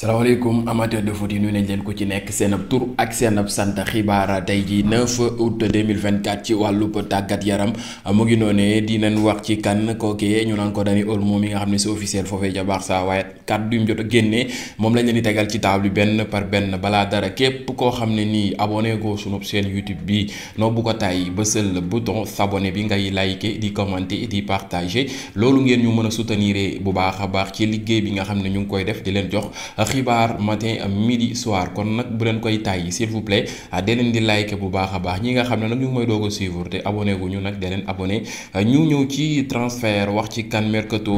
salaamaaleykum amateur de foot yi nuyu nañ leen ko ci nekk seen ab tur ak seen ab sant xibaar tey jii 9 août 2024 ci wàllub tàggat yaram mu ngi di leen wax ci kan kookee ñu naan ko Dani moom mi nga xam ne c'est officiel foofee ja Barça waaye kàddu yu mu jot a génnee moom lañ leen di tegal ci table benn par benn balaa dara képp ko xam ne nii abonné ko sunu seen YouTube bi noo bu ko tàyyi bësal bouton s'abonner bi ngay liker di commenter di partager loolu ngeen ñu mën a soutenir bu baax a baax ci liggéey bi nga xam ne ñu ngi koy def di leen jox. xibaar matin euh, midi soir kon nag bu leen koy tàyyi s'il vous plaît ah, dee leen di like bu baax a baax ñi nga xam ne nag ñu ngi may doog a suivre te abonné nag dee leen abonné ah, ñu ñëw ci transfert wax ci kan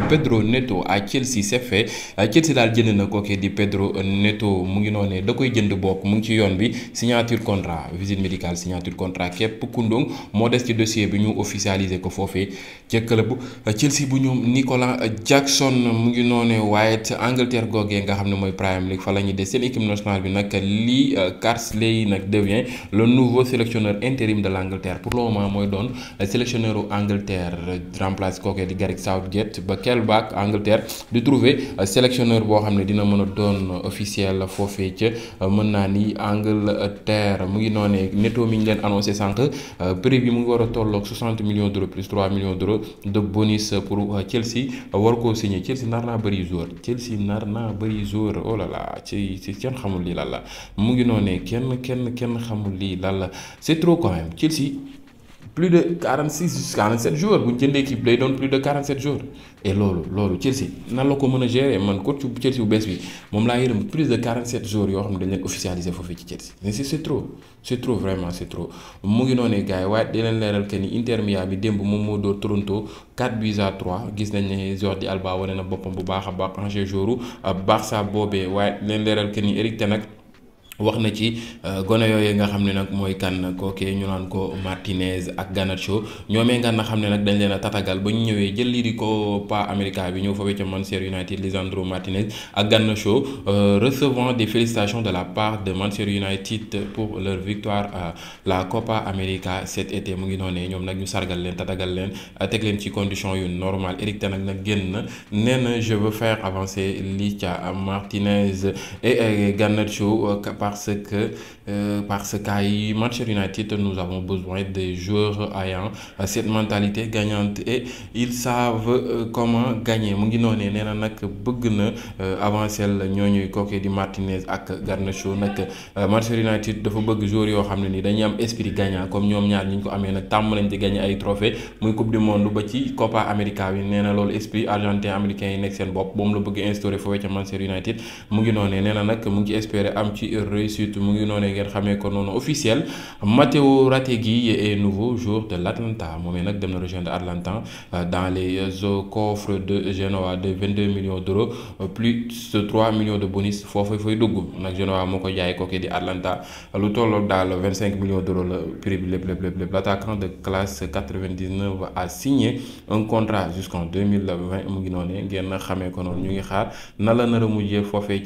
Pedro Neto à Chelsea c'est ah, Chelsea daal jënd na kooke di Pedro Neto mu ngi noonee da koy jënd bokk mu ngi ci yoon bi signature contrat visite médicale signature contrat képp kundong moo des ci dossier bi ñu officialisé ko foofee ca club Chelsea bu ñoom Nicolas Jackson mu ngi Prime League fa la ñuy des seen équipe nationale bi nag lii Carsley euh, nag devient le nouveau sélectionneur intérim de l' Angleterre pour le moment mooy doon euh, sélectionneur u Angleterre euh, remplace kooku di ba Kelbak Angleterre di trouver sélectionneur boo xam ne dina mën a doon officiel foofee ca mën naa ni Angleterre mu ngi noonee netto mi ñu leen annoncé sànq prix bi mu ngi war a tolloog 60 millions d'euros plus 3 millions d'euros de bonus pour Chelsea war koo signé Chelsea nar naa bëri Chelsea nar naa bëri oh là ci ci kenn xamul lii lan mu ngi noonee kenn kenn kenn xamul lii lan la c'est trop quand même plus de 46 jusqu'à 47 jours bu ñu jëndee kii day doon plus de 47 jours et loolu loolu Chelsea nan la ko mën a gérer man coach bu Chelsea bu bees bi moom laa yërëm plus de 47 jours yoo xam ne dañ leen officialiser foofu ci Chelsea mais si c'est trop c'est trop vraiment c'est trop mu ngi noonu gars yi waaye di leen leeral que ni Inter bi démb moom moo dóor Toronto 4 buts à 3 gis nañ ne Jordi Alba wane na boppam bu baax a baax en jouru euh, Barça boobee waaye di leen leeral que ni Eric wax na ci euh, gone yooyu nga xam ne nag mooy kan kookee ñu naan ko Martinez ak Garnacho ñoomee ngan na xam ne nag dañ leen a tatagal ba ñu ñëwee jël lii di ko pa américa bi ñëw foofee ca Manchester United Lisandro Martinez ak Garnacho euh, recevant des félicitations de la part de Manchester United pour leur victoire à la Copa América cet été mu ngi noonee ñoom nag ñu sargal leen tatagal leen euh, teg leen ci condition yu normal Eric Ten nag génn nee na je veux faire avancer Licha Martinez et Garnacho parce que euh, parce qu'à Manchester United, nous avons besoin des joueurs ayant cette mentalité gagnante et ils savent euh, comment gagner mu ngi noonee nee na nag bëgg na euh, avancer la ñuy kookee di Martinez ak Garnacho nag euh, Manchester United dafa bëgg joueurs yoo xam ne nii dañuy am esprit gagnant comme ñoom ñaar ñu ko amee nag tàmm nañ di gagné ay trophée muy coupe du monde ba ci Copa América bi nee na loolu esprit argentin américain yi nekk seen bopp moom la bëgg instauré foofee ca Manchester United réussite mu ngi noonee ngeen xamee ko noonu officiel Matteo Retegui est nouveau joueur de l'Atalanta moomee nag dem na rejoindre Atalanta euh, dans les euh, coffres de Genoa de 22 millions d'euros euh, de 3 millions de bonus foofu fay dugg nag Genoa moo ko jaay kooku di Atalanta lu tolloo daal 25 millions d'euros la prix bi lépp lépp lépp lépp l'attaquant de a signé un contrat jusqu'en 2020 mu ngi noonee ngeen xamee ko noonu ñu ngi xaar na la nar a mujjee foofee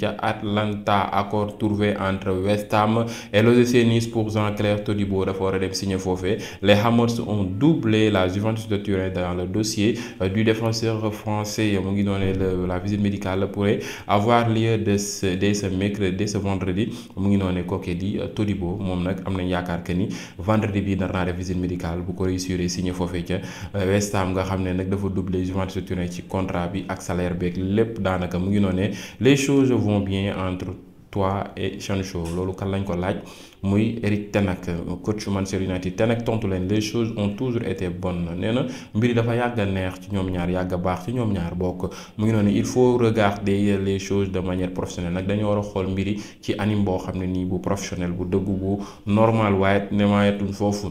entre West Ham et l'OGC Nice pour Jean-Claire Todibo dafa war a dem signé foofee les Hammers ont doublé la Juventus de Turin dans le dossier euh, du défenseur français mu ngi doone la visite médicale pourrait avoir lieu dès ce dès ce mercredi dès ce vendredi mu ngi doone kooke di euh, Todibo moom nag am na yaakaar que ni vendredi bi nar naa def visite médicale bu ko réussir signé foofee ca euh, West nga xam ne nag dafa doublé Juventus de Turin ci contrat bi ak salaire beeg lépp daanaka mu ngi doone les choses vont bien entre toi et Sancho loolu kan lañ ko laaj muy Eric Ten Hag coach Manchester United Ten Hag tontu leen les choses ont toujours été bonnes nee na mbir yi dafa yàgg neex ci ñoom ñaar yàgg a baax ci ñoom ñaar bokk mu ngi noonu il faut regarder les choses de manière professionnelle nag dañoo war a xool mbir ci anime boo xam ne ni bu professionnel bu dëggu bu normal waaye ne maayetuñ foofu.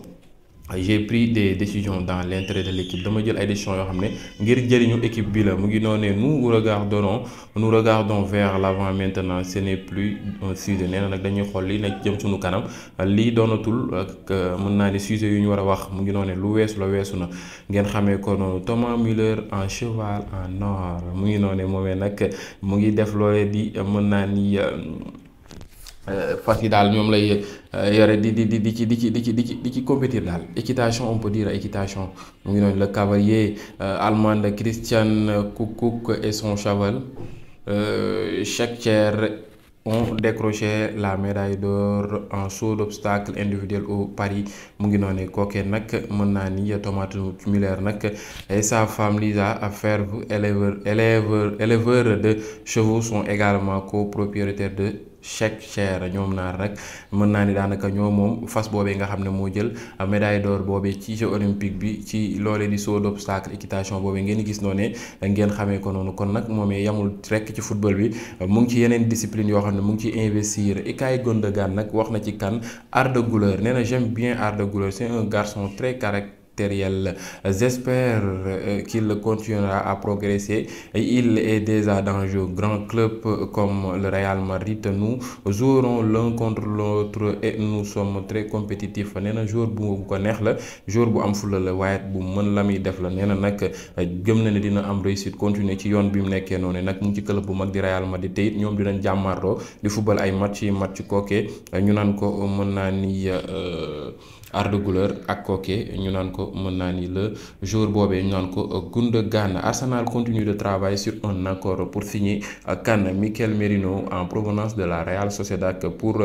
j'ai pris des décisions dans l'intérêt de l'équipe dama jël ay décisions yoo xam ne ngir jëriñu équipe bi la mu ngi noonu ne nous regardons nous regardons vers l'avant maintenant ce n'est plus un sujet nee na nag dañuy xool li nag jëm suñu kanam lii doonatul ak euh, mën naa ne sujet yu ñu war a wax mu ngi noonu ne lu weesu la weesu na ngeen xamee ko noonu Thomas Müller en cheval en or mu ngi noone ne moomee nag mu ngi def loolee di mën naa ni. Euh, fas euh, yi daal ñoom lay euh, yore di di di di ci di ci di ci di ci di ci compétir daal équitation on peut dire équitation mu ngi noonu le cavalier euh, allemand de Christian Kukuk et son cheval Scheckter ont décroché la médaille d'or en saut d'obstacle individuel au Paris mu ngi noonu kookee nag mën naa ni Thomas Müller nag et sa femme Lisa Ferve éleveur éleveur éleveur de chevaux sont également copropriétaires de Cheikh Cher ñoom naar rek mën naa ni daanaka ñoo moom fas boobee nga xam ne moo jël euh, médaille d'or boobee ci jeu olympique bi ci loolee di saut d'obstacle équitation boobee ngeen gis noonu ne ngeen xamee ko noonu kon nag moomee yamul rekk ci football bi mu ngi ci yeneen discipline yoo xam ne mu ngi ci investir Ilkay gan nag wax na ci kan Arda Güler nee na bien Arda Güler c'est un garçon très caractère matériel. J'espère euh, la continuera à progresser. Il est déjà dans jeu grand club comme le Real Madrid. nu jouerons l'un contre l'autre et nous sommes très compétitifs. fa na jour bu ko neex la jour bu am fula la waaye bu mën la muy def la nee na nag gëm na ne dina am réussite continuer ci yoon bi mu nekkee noonu nag mu ngi ci club bu mag di Real Madrid te it ñoom dinañ jàmmarloo di football ay match yi match kooke ñu naan ko mën naa ni. Euh, Arda Güler ak Koke ñu naan ko mën naa ni le jour boobee ñu naan ko Gundogan Arsenal continue de travailler sur un accord pour signer Kane Mikel Merino en provenance de la Real Sociedad pour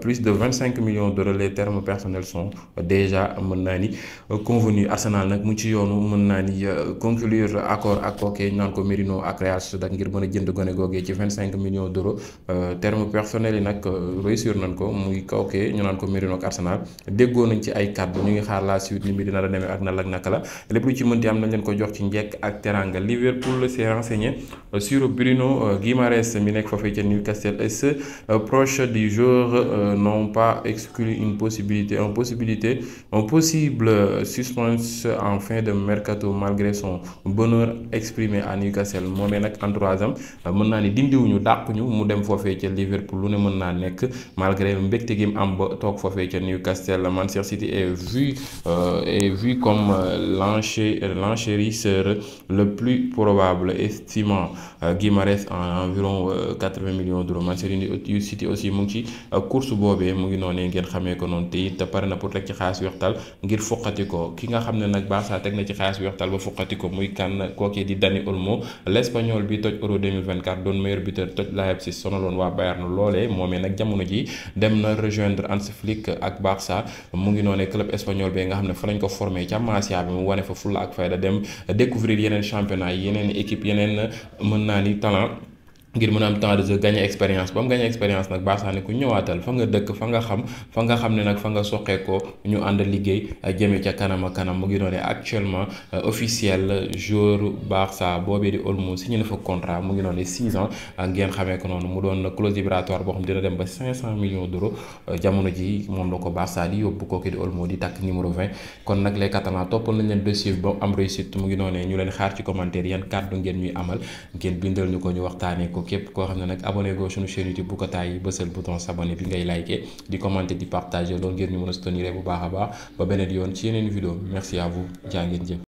plus de vingt cinq millions d'euros les termes personnels sont déjà mën naa ni convenus Arsenal nag mu ci yoonu mën naa ni euh, conclure accord ak Koke ñu naan ko Merino ak Real Sociedad ngir mën a jënd gone googee ci vingt cinq millions d'euros euh, termes personnels yi nag euh, réussir nañ ko muy Koke ñu naan ko Merino ak ay kàddu ñu ngi xaar la suite ni bi dina la demee ak na lak naka la lépp lu ci mënti am nañ leen ko jox ci njekk ak teranga Liverpool s'est renseigné euh, sur Bruno euh, Guimaraes mi nekk foofee ca Newcastle est euh, proche du joueur n'ont pas exclu une possibilité une possibilité un possible suspense en fin de mercato malgré son bonheur exprimé à Newcastle moomee nag entourage am mën naa ni dindiwuñu ñu mu dem foofee ca Liverpool lu ne mën naa nekk malgré mbégte gi mu am ba toog foofee ca Newcastle Manchester City est vu, euh, est vu comme euh, l'enchérisseur le plus probable, estimant euh, Guimarães en environ 80 euh, millions d'euros Manchester City aussi mu ngi ci course boobee mu ngi noonee ngeen xamee ko noonu te it pare na pour teg ci xaalis weextal ngir fuqati ko ki nga xam ne nag Barça teg na ci xaalis weextal ba fuqati ko muy kan kookee di Dani Olmo l'Espagnol bi toj Euro 2024 doon meilleur buteur toj Leipzig sonaloon waa Bayern loolee moomee nag jamono ji dem na rejoindre Hansi Flick ak Barça mu ngi noonee club espagnol bi nga xam ne fa lañ ko formé ca Masia bi mu wane fa fulla ak fayda dem découvrir yeneen championnat yeneen équipe yeneen mën naa ni talent ngir mën a am temps de jeu gagner expérience ba mu expérience nag baasaane ku ñëwaatal fa nga dëkk fa nga xam fa nga xam ne nag fa nga soqeekoo ñu ànd liggéey euh, jëmee ca kanam a kanam mu ngi doone actuellement euh, officiel joueur Barça boobee di Olmo ngi doone 6 ans euh, ngeen xamee ko noonu mu doon clause vibratoire boo xam dina dem ba 500 millions d'euros jamono ji moom la ko Barça di yóbbu kooku di Olmo di takk numéro 20 kon nag les Catalans toppal nañ leen dossier ba am réussite mu ngi doone ñu leen xaar ci commentaire yan kàddu ngeen ñuy amal ngeen ko ñu ko képp koo xam ne nag abonné goo suñu chaîne YouTube bu ko taay bësal bouton s'abonner bi ngay liker di commenter di partager loolu ngir ñu mën a soutenir bu baax a baax ba beneen yoon ci yeneen vidéo merci à vous jaa ngeen